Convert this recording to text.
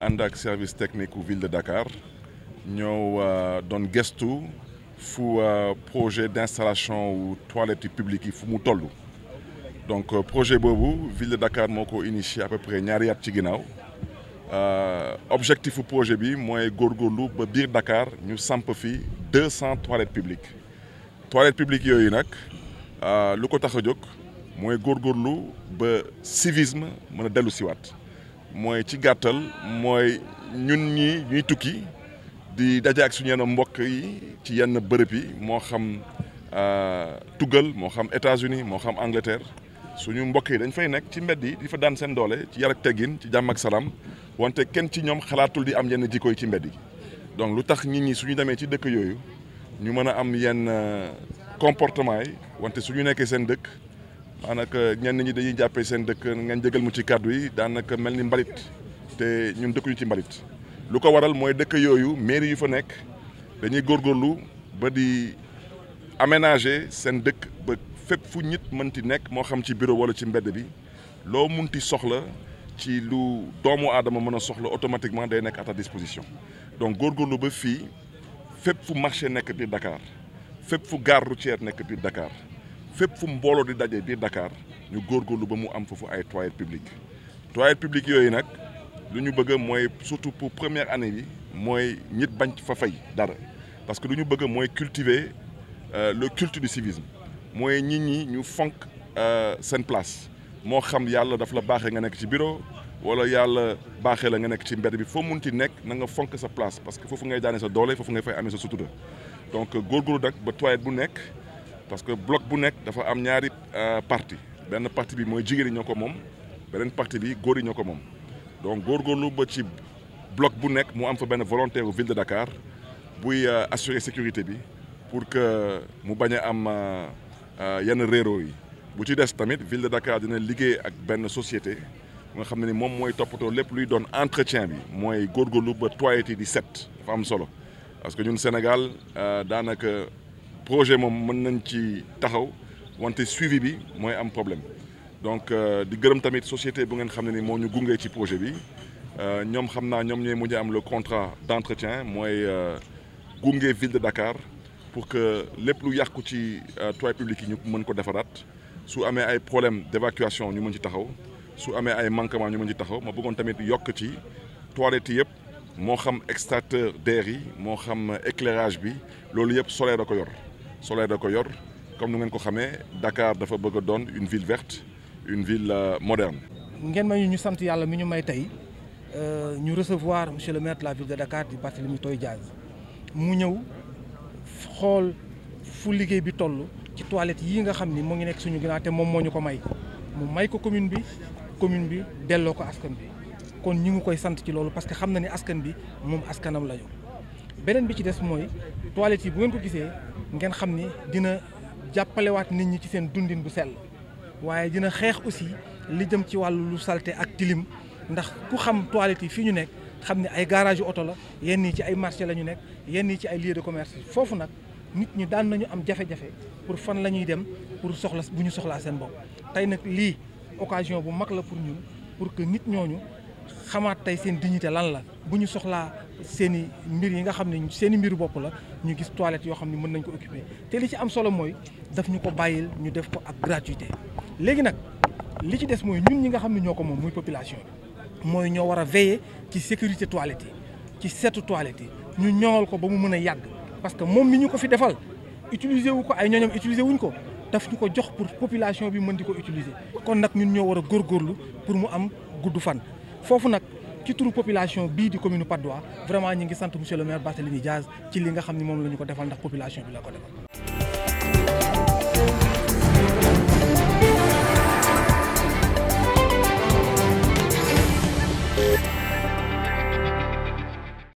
tant service technique ou ville de Dakar nous euh, avons gestu fu euh, projet d'installation ou toilettes publiques yi fu mu Donc, donc euh, projet la ville de Dakar a été initié à peu près ñaari at ci ginnaaw objectif projet bi mooy góorgóorlu ba Bir Dakar ñu samp fi 200 toilettes publiques toilettes publiques nak euh lu ko taxajok moy jóg mooy ba civisme mën a le wat mooy ci gàttal mooy ñun ñi ñuy tukki di daje ak suñu yenn mbokk yi ci yenn bërëb yi moo xam euh, Tugal moo xam états uni moo xam Angleterre suñu mbokk yi dañ fay nekk ci mbedd yi di fa daan seen doole ci yar ak teggin ci jàmm ak salaam wante kenn ci ñoom xalaatul di am yenn jikko yi ci mbedd yi donc lu tax nit ñi suñu demee ci dëkk yooyu ñu mën a am yenn euh, comportement yi wante su ñu nekkee seen dëkk manaka ñen ñi dañuy jappé seen dëkk ngeen jëgël mu ci cadeau yi danaka melni mbalit té ñun dëkkuñu ci mbalit lu ko waral moy dëkk yoyu, mairie yu fa nekk dañuy gorgorlu ba di aménager seen dëkk ba fep fu nit ti nekk mo xam ci bureau wala ci mbedd bi mën ti soxla ci lu doomu aadama mën a soxla automatiquement day nekk à ta disposition donc gorgorlu ba fi fep fu marché nekk bi Dakar fep fu gare routière nekk bi Dakar fépp fu mbooloo di daje biir Dakar ñu góorgóorlu ba mu am foofu ay toilettes publiques toilettes publiques yooyu nag lu ñu bëgg mooy surtout pour première année bi mooy nit bañ fa fay dara parce que lu ñu bëgg mooy cultiver euh, le culte du civisme mooy nit ñi ñu fonk euh, seen place moo xam yàlla daf la baaxee nga nekk ci bureau wala yàlla baaxee la nga nekk ci mbedd bi foo mun nekk na nga fonk sa place parce que foofu ngay daane sa doole foofu ngay fay amee sa sutura donc góorgóorlu nag ba toilette bu nekk parce que bloc bu nek dafa am ñaari euh, parti ben parti bi moy jigéen ñoko mom benen parti bi goor ñoko mom donc moom donc góorgóorlu ba ci bloc bu nek mu am fa ben volontaire au ville de Dakar buy euh, assurer sécurité bi pour que mu baña am euh, yenn réero yi bu ci dess tamit ville de Dakar dina liggéey ak ben société nga xamné ne ni moom mooy toppatoo lépp luy doon entretien bi mooy lu ba toilette di set dafa am solo parce que ñun Sénégal danaka projet moom mën nañ ci taxaw wante suivi bi mooy am problème donc euh, di gërëm tamit société bu ngeen xam ne ni moo ñu gunge ci projet bi euh, ñoom xam naa ñoom ñooy mujj am le contrat d'entretien mooy euh, gunge ville de Dakar pour que lépp lu yàqu ci toilettes publiques yi ñu mën ko defaraat su amee ay problème d'évacuation ñu mën ci taxaw su amee ay manquement ñu mën ci taxaw ma bëggoon tamit yokk ci toilettes yëpp moo xam extracteur d'air yi moo xam éclairage bi loolu yëpp solaire da ko yor solaire da ko yor comme nu ngeen ko xamee Dakar dafa bëgg a une ville verte une ville euh, moderne. ngeen may ñu sant yàlla mi ñu may tey euh, ñu recevoir monsieur le maire de la ville de Dakar di Barthélémy Toye Dias mu ñëw xool fu liggéey bi toll ci toilette yi nga xam ni moo ngi nekk suñu ginnaaw te moom moo ko may mu may ko commune bi commune bi delloo ko askan bi kon ñu ngi koy sant ci loolu parce que xam ni askan bi moom askanam la ñu. beneen bi ci des mooy toilettes yi bu ngeen ko gisee ngeen xam ni dina jàppalewaat nit ñi ci seen dundin bu sell waaye dina xeex aussi li jëm ci wàllu lu salte ak tilim ndax ku xam toilettes yi fii ñu nekk xam ne ay garage oto la yenn yi ci ay marché la ñu nekk yenn yi ci ay lieu de commerce foofu nag nit ñi daan nañu am jafe-jafe pour fan la ñuy dem pour soxla bu ñu soxlaa seen bopp tey nag lii occasion bu mag la pour ñun pour que nit ñooñu xamaat tey seen dignité lan la bu ñu soxlaa seen i mbir yi nga xam ne seen mbiru bopp la ñu gis toilette yoo xam ne mën nañ ko occuper te li ci am solo mooy daf ñu ko bàyyil ñu def ko ak gratuité léegi nag li ci des mooy ñun ñi nga xam ne ko moom muy population bi mooy ñoo war a veiller ci sécurité toilette yi ci seetu toilette yi ñu ñoŋal ko ba mu mën a parce que moom mi ñu fi defal utiliser wu ko ay ñooñam utiliser wuñ ko daf ñu ko jox pour population bi mën di ko utiliser kon nag ñun ñoo war a góorgóorlu pour mu am gudd fan foofu ci turu population bi di commune Patte d'Oie vraiment ñi ngi sant monsieur le maire Barthélémy Diaz ci li nga xam ne moom la ñu ko defal ndax population bi la ko defal